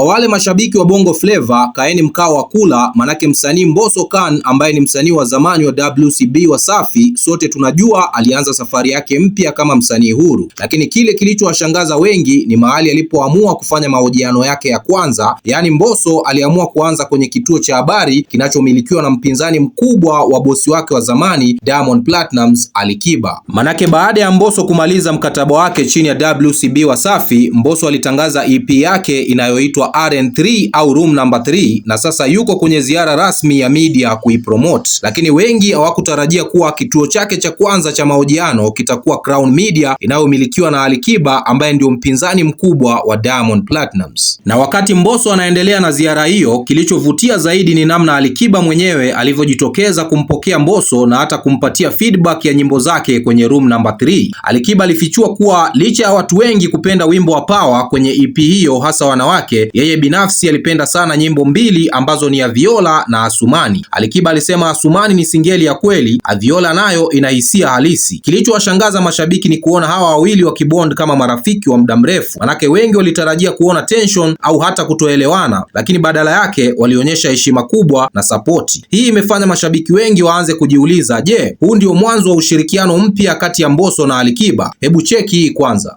Kwa wale mashabiki wa Bongo Flava, kaeni mkao wa kula, manake msanii Mbosso Khan ambaye ni msanii wa zamani wa WCB Wasafi, sote tunajua alianza safari yake mpya kama msanii huru, lakini kile kilichowashangaza wengi ni mahali alipoamua kufanya mahojiano yake ya kwanza. Yaani Mbosso aliamua kuanza kwenye kituo cha habari kinachomilikiwa na mpinzani mkubwa wa bosi wake wa zamani Diamond Platnumz, Alikiba. Manake baada ya Mbosso kumaliza mkataba wake chini ya WCB Wasafi, Mbosso alitangaza EP yake inayoitwa RN3 au room number 3 na sasa yuko kwenye ziara rasmi ya media kuipromote, lakini wengi hawakutarajia kuwa kituo chake cha kwanza cha mahojiano kitakuwa Crown Media inayomilikiwa na Alikiba ambaye ndio mpinzani mkubwa wa Diamond Platnumz. Na wakati Mbosso anaendelea na ziara hiyo, kilichovutia zaidi ni namna Alikiba mwenyewe alivyojitokeza kumpokea Mbosso na hata kumpatia feedback ya nyimbo zake kwenye room number 3. Alikiba alifichua kuwa licha ya watu wengi kupenda wimbo wa Power kwenye EP hiyo, hasa wanawake yeye binafsi alipenda sana nyimbo mbili ambazo ni Aviola na Asumani. Alikiba alisema Asumani ni singeli ya kweli, Aviola nayo ina hisia halisi. Kilichowashangaza mashabiki ni kuona hawa wawili wakibond kama marafiki wa muda mrefu, manake wengi walitarajia kuona tension au hata kutoelewana, lakini badala yake walionyesha heshima kubwa na sapoti. Hii imefanya mashabiki wengi waanze kujiuliza, je, huu ndio mwanzo wa ushirikiano mpya kati ya Mbosso na Alikiba? Hebu cheki hii kwanza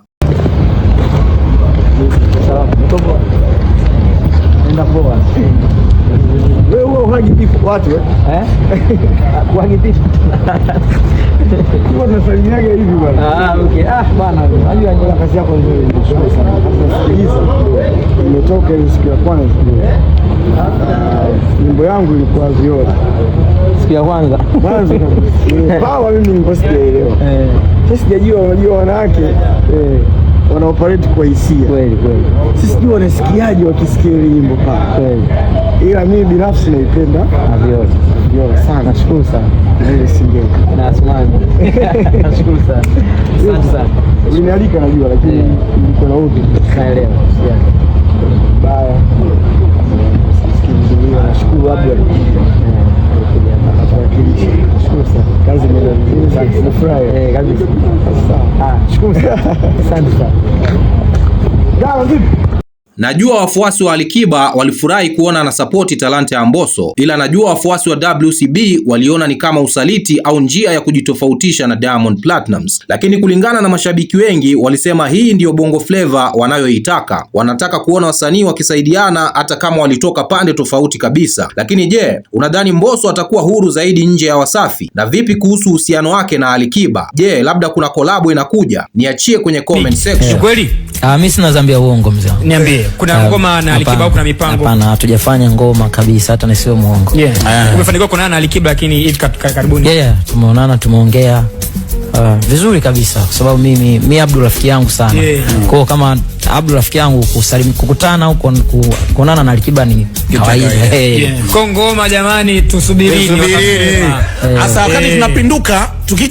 tunapoa wewe wewe uhagitifu watu eh, eh? uhagitifu kwa tunasalimiaga hivi bwana. Ah, ah okay. Ah bwana, unajua ndio kazi yako nzuri, nashukuru sana. Nasikiliza nimetoka hiyo siku ya kwanza, nyimbo yangu ilikuwa viola siku ya kwanza mwanzo kabisa, mimi nilikuwa sijaelewa, eh. sasa sijajua, unajua wanawake eh wanaoperate kwa hisia kweli kweli. Sisi ndio wanasikiaje wakisikia ile nyimbo pale kweli, ila mimi binafsi naipenda na vyote vyote sana. Nashukuru sana ile singeli na Asmani, nashukuru sana sana sana. Ulinialika najua, lakini eh. niko na udhi naelewa baya. Nashukuru labda umefurahi eh? Kabisa. Sawa, ah, shukuru sana, asante sana. Gawa vipi? Najua wafuasi wa Alikiba walifurahi kuona sapoti talanta ya Mbosso, ila najua wafuasi wa WCB waliona ni kama usaliti au njia ya kujitofautisha na Diamond Platnumz. Lakini kulingana na mashabiki wengi, walisema hii ndiyo Bongo fleva wanayoitaka. Wanataka kuona wasanii wakisaidiana hata kama walitoka pande tofauti kabisa. Lakini je, unadhani Mbosso atakuwa huru zaidi nje ya Wasafi? Na vipi kuhusu uhusiano wake na Alikiba? Je, labda kuna kolabo inakuja? Niachie kwenye comment section. Kweli ah, mimi sina zambia uongo mzee. Niambie. Kuna ngoma na Alikiba, kuna mipango? Hapana, hatujafanya ngoma kabisa, hata nisiwe muongo. Yeah. Eh. Umefanikiwa kuonana na Alikiba lakini hivi karibuni? Yeah, tumeonana tumeongea Uh, vizuri kabisa kwa sababu mimi mi Abdu rafiki yangu sana yeah. Kwao kama Abdu rafiki yangu kusalimu kukutana au kuonana na Alikiba ni kawaida yeah. hey. yeah. Kongoma jamani, tusubiri hasa wakati eh. eh. tunapinduka tukija